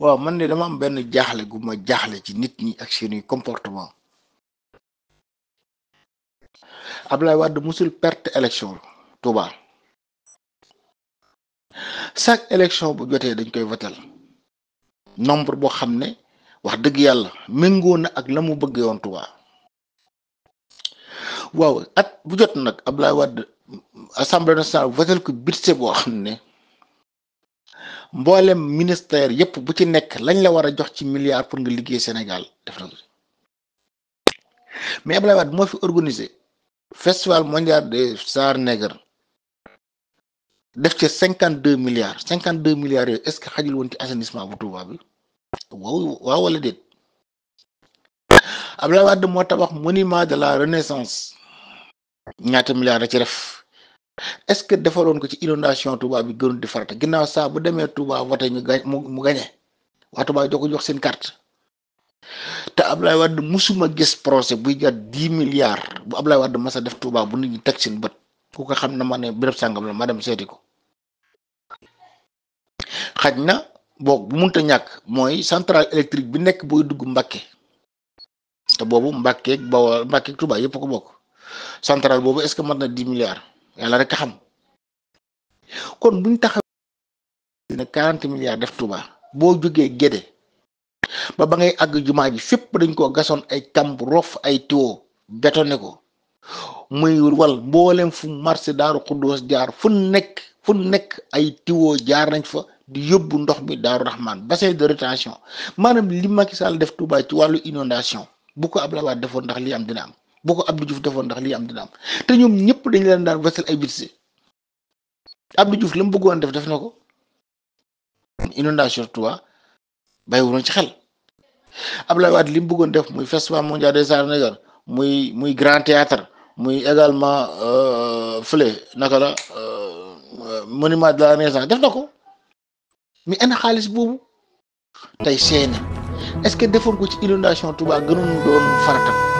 waaw man de dama am benn jaaxle gu ma jaaxle ci nit ñi ak seeni comportement Ablaye Wade musul perte élection Touba chaque élection bu jotee dañ koy votel nombre boo xam ne wax dëgg yàlla méngoo na ak la mu bëggee woon Touba waaw at bu jot nag Ablaye Wade assemblée nationale votel ko budget boo xam ne. mboolem ministère yépp bu ci nekk lañ la war a jox ci milliard pour nga liggéey Sénégal def na ko mais Abdoulaye Wade moo fi organisé festival mondial des stars nègres def ci cinquante deux milliards cinquante deux milliards yooyu est ce que xajul woon ci assainissement bu Touba bi waaw waaw wala déet Abdoulaye Wade moo tabax monument de la renaissance ñaata milliards ci def. est-ce que defaloon ko ci inondation Touba bi gënul di farata ginnaaw saa bu demee Touba wote ñu gañ mu mu gañe waa Touba jox ko jox seen carte te Ablaye Wade musuma gis projet buy jar dix milliards bu Ablaye Wade masa def Touba bu nit ñi teg seen bët ku ko xam na ma ne béréb sàngam la ma dem seeti ko xaj na boog bu munta ñàkk mooy centrale électrique bi nekk booy dugg Mbàkke te boobu Mbàkke Bawol Mbàkke Touba yëpp ko bokk centrale boobu est-ce que mat na di milliards yàlla rekk xam kon buñ taxaw ne quarante milliards def Touba boo jógee Gédé ba ba ngay àgg jumaa ji fépp dañ koo gasoon ay kamb rof ay tiwo bétonné ko muy wal mboolem fu marché daaru xuddoos jaar fu nekk fu nekk ay tiwo jaar nañ fa di yóbbu ndox mi daaru raxmaan bassin de rétention maanaam li Macky Sall def Touba ci wàllu inondation bu ko Abdoulaye Wade defoon ndax li am dina am boo ko Abdou Diouf defoon ndax lii am dina am te ñoom ñëpp dañ leen daan wesel ay budget Abdou juuf la mu bëggoon def def na ko inondation Touba bàyyiwuloon ci xel Abdoulaye Wade li mu bëggoon def muy festival mondial des arts nègres muy muy grand théâtre muy également euh, fële naka la euh, monument de la Renaissance def na ko mi ana xaalis boobu tey seeni est-ce que defoon ko ci inondation Touba gënoon doon farata